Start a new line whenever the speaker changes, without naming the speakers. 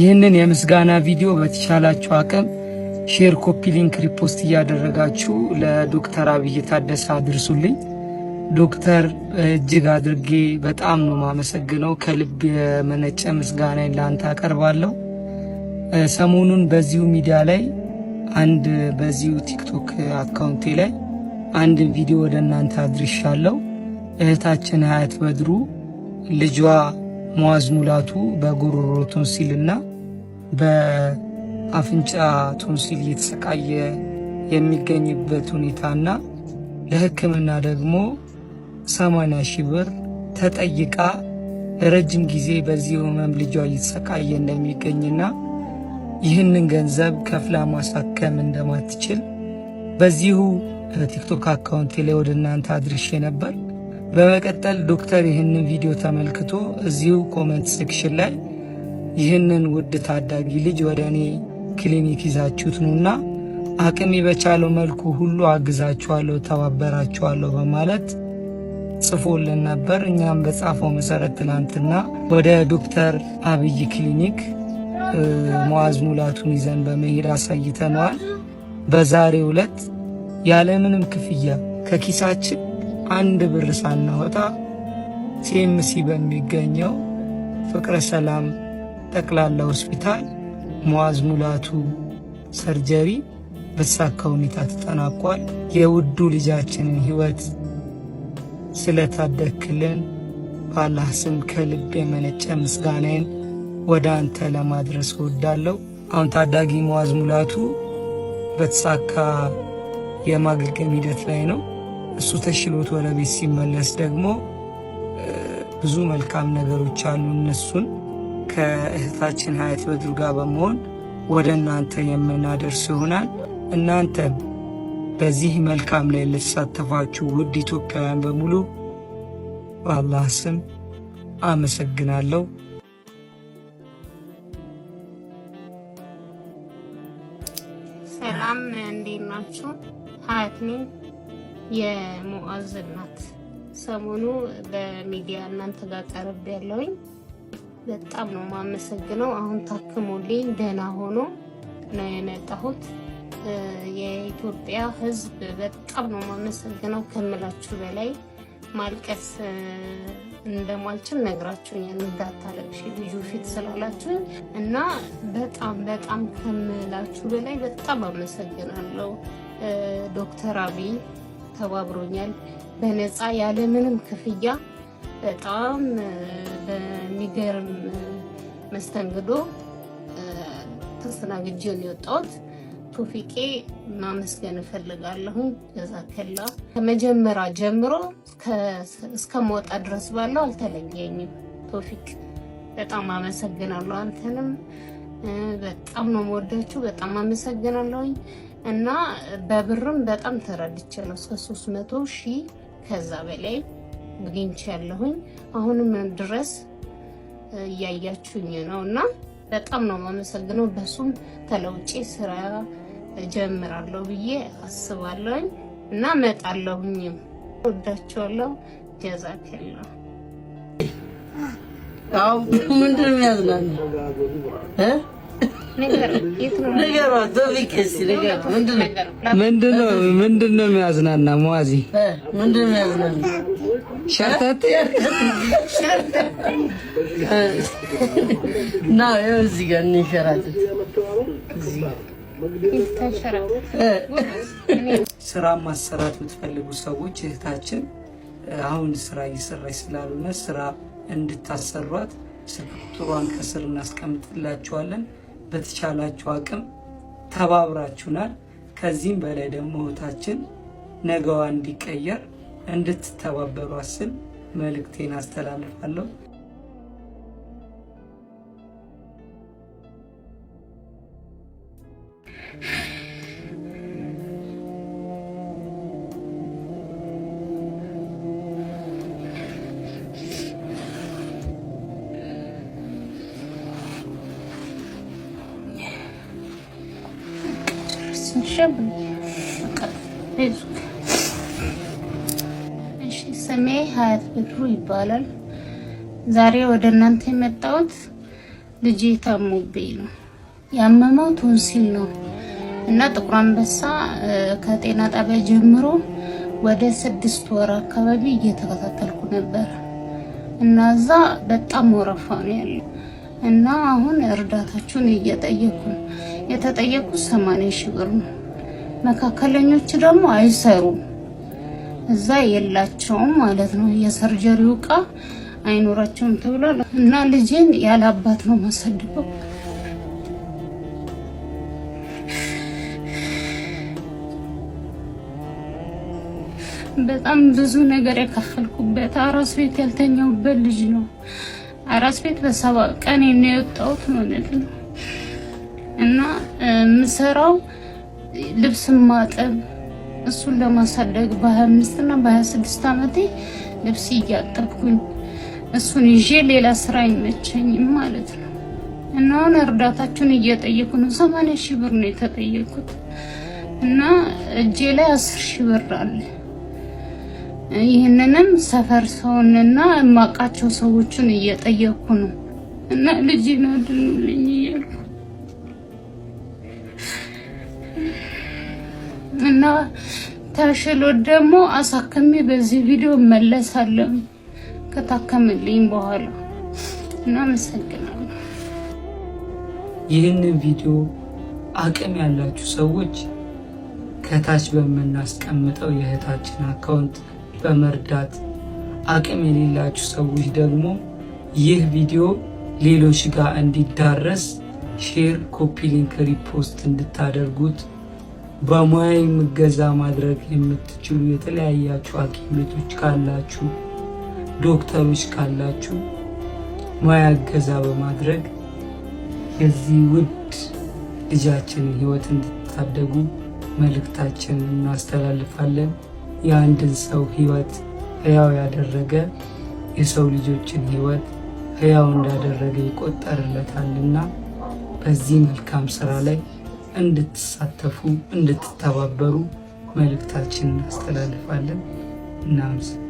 ይህንን የምስጋና ቪዲዮ በተቻላችሁ አቅም ሼር፣ ኮፒ ሊንክ፣ ሪፖስት እያደረጋችሁ ለዶክተር አብይ ታደሰ አድርሱልኝ። ዶክተር እጅግ አድርጌ በጣም ነው ማመሰግነው። ከልብ የመነጨ ምስጋና ለአንተ አቀርባለሁ። ሰሞኑን በዚሁ ሚዲያ ላይ አንድ በዚሁ ቲክቶክ አካውንቴ ላይ አንድን ቪዲዮ ወደ እናንተ አድርሻለሁ። እህታችን ሀያት በድሩ ልጇ ሙዓዝ ሙላቱ በጉሮሮ ቶንሲል እና በአፍንጫ ቶንሲል እየተሰቃየ የሚገኝበት ሁኔታና ለሕክምና ደግሞ 80 ሺህ ብር ተጠይቃ ለረጅም ጊዜ በዚህ ህመም ልጇ እየተሰቃየ እንደሚገኝና ይህንን ገንዘብ ከፍላ ማሳከም እንደማትችል በዚሁ ቲክቶክ አካውንቴ ላይ ወደ እናንተ አድርሼ ነበር። በመቀጠል ዶክተር ይህንን ቪዲዮ ተመልክቶ እዚሁ ኮመንት ሴክሽን ላይ ይህንን ውድ ታዳጊ ልጅ ወደ እኔ ክሊኒክ ይዛችሁት ኑና አቅሜ በቻለው መልኩ ሁሉ አግዛችኋለሁ፣ ተባበራችኋለሁ በማለት ጽፎልን ነበር። እኛም በጻፈው መሰረት ትናንትና ወደ ዶክተር አብይ ክሊኒክ መዋዝ ሙላቱን ይዘን በመሄድ አሳይተነዋል። በዛሬው ዕለት ያለምንም ክፍያ ከኪሳችን አንድ ብር ሳናወጣ ሲኤምሲ በሚገኘው ፍቅረ ሰላም ጠቅላላ ሆስፒታል ሙዓዝ ሙላቱ ሰርጀሪ በተሳካ ሁኔታ ተጠናቋል። የውዱ ልጃችንን ሕይወት ስለታደክልን በአላህ ስም ከልብ የመነጨ ምስጋናዬን ወደ አንተ ለማድረስ እወዳለሁ። አሁን ታዳጊ ሙዓዝ ሙላቱ በተሳካ የማገገም ሂደት ላይ ነው። እሱ ተሽሎት ወደ ቤት ሲመለስ ደግሞ ብዙ መልካም ነገሮች አሉ። እነሱን ከእህታችን ሀያት በድሩ ጋር በመሆን ወደ እናንተ የምናደርስ ይሆናል። እናንተም በዚህ መልካም ላይ ልትሳተፋችሁ ውድ ኢትዮጵያውያን በሙሉ በአላህ ስም አመሰግናለሁ።
ሰላም፣ እንዴት ናችሁ? ሀያት ነኝ። የሙዓዝ እናት ሰሞኑ በሚዲያ እናንተ ጋር ቀርብ ያለውኝ በጣም ነው የማመሰግነው። አሁን ታክሞልኝ ደህና ሆኖ ነው የመጣሁት። የኢትዮጵያ ሕዝብ በጣም ነው የማመሰግነው ከምላችሁ በላይ ማልቀስ እንደማልችል ነግራችሁ እንዳታለቅሽ ልጁ ፊት ስላላችሁ እና በጣም በጣም ከምላችሁ በላይ በጣም አመሰግናለሁ ዶክተር አብይ ተባብሮኛል በነፃ ያለምንም ክፍያ በጣም በሚገርም መስተንግዶ ተስተናግጄ ነው የወጣሁት። ቶፊቄ ማመስገን እፈልጋለሁ። ጀዛከላ ከመጀመሪያ ጀምሮ እስከ ድረስ ባለው አልተለየኝም። ቶፊቅ በጣም አመሰግናለሁ። አንተንም በጣም ነው የምወዳችሁ። በጣም አመሰግናለሁኝ። እና በብርም በጣም ተረድቼ ነው እስከ 300 ሺህ ከዛ በላይ ግኝቼ ያለሁኝ አሁንም ድረስ እያያችሁኝ ነው እና በጣም ነው የማመሰግነው። በሱም ተለውጬ ስራ ጀምራለሁ ብዬ አስባለሁኝ እና መጣለሁኝም። ወዳችኋለሁ። ጀዛከላ
አው ምንድን ነው ያዝናል
ምንድን ነው የሚያዝናና? ሙአዚ ሸርተት
እዚህ ጋር እንሸራተት
ስራ ማሰራት የምትፈልጉ ሰዎች እህታችን አሁን ስራ እየሰራች ስላልሆነ ስራ እንድታሰሯት ስልክ ቁጥሯን ከስር እናስቀምጥላችኋለን። በተቻላችሁ አቅም ተባብራችሁናል። ከዚህም በላይ ደግሞ ህይወታችን ነገዋ እንዲቀየር እንድትተባበሩ አስል መልእክቴን አስተላልፋለሁ።
አትሸብኝ። እሺ፣ ስሜ ሀያት በድሩ ይባላል። ዛሬ ወደ እናንተ የመጣሁት ልጄ ታሞብኝ ነው። ያመመው ቶንሲል ነው እና ጥቁር አንበሳ ከጤና ጣቢያ ጀምሮ ወደ ስድስት ወር አካባቢ እየተከታተልኩ ነበር እና እዛ በጣም ወረፋ ነው ያለው እና አሁን እርዳታችሁን እየጠየኩ የተጠየቁ ሰማንያ ሺህ ብር ነው። መካከለኞች ደግሞ አይሰሩም። እዛ የላቸውም ማለት ነው። የሰርጀሪው እቃ አይኖራቸውም ተብሏል እና ልጄን ያለ አባት ነው ማሳድገው። በጣም ብዙ ነገር የከፈልኩበት አራስ ቤት ያልተኛውበት ልጅ ነው። አራስ ቤት በሰባ ቀን የሚወጣውት ማለት ነው እና የምሰራው ልብስን ማጠብ እሱን ለማሳደግ በሀያ 25 እና አመቴ ዓመቴ ልብስ እያጠብኩኝ እሱን ይዤ ሌላ ስራ አይመቸኝም ማለት ነው። እና አሁን እርዳታችሁን እየጠየቁ ነው። 80 ሺህ ብር ነው የተጠየቁት እና እጄ ላይ አስር ሺህ ብር አለ። ይህንንም ሰፈር ሰውንና የማውቃቸው ሰዎችን እየጠየኩ ነው እና ልጅ ነው ድኑልኝ እና ተሽሎት ደግሞ አሳክሜ በዚህ ቪዲዮ እመለሳለሁ ከታከምልኝ በኋላ እና አመሰግናለሁ።
ይህን ቪዲዮ አቅም ያላችሁ ሰዎች ከታች በምናስቀምጠው የእህታችን አካውንት በመርዳት አቅም የሌላችሁ ሰዎች ደግሞ ይህ ቪዲዮ ሌሎች ጋር እንዲዳረስ ሼር፣ ኮፒ ሊንክ፣ ሪፖስት እንድታደርጉት በሙያ የምገዛ ማድረግ የምትችሉ የተለያያችሁ ሐኪም ካላችሁ፣ ዶክተሮች ካላችሁ ሙያ እገዛ በማድረግ የዚህ ውድ ልጃችንን ህይወት እንድታደጉ መልእክታችን እናስተላልፋለን። የአንድን ሰው ህይወት ህያው ያደረገ የሰው ልጆችን ህይወት ህያው እንዳደረገ ይቆጠርለታልና በዚህ መልካም ስራ ላይ እንድትሳተፉ፣ እንድትተባበሩ መልእክታችንን እናስተላልፋለን። እናመሰግናለን።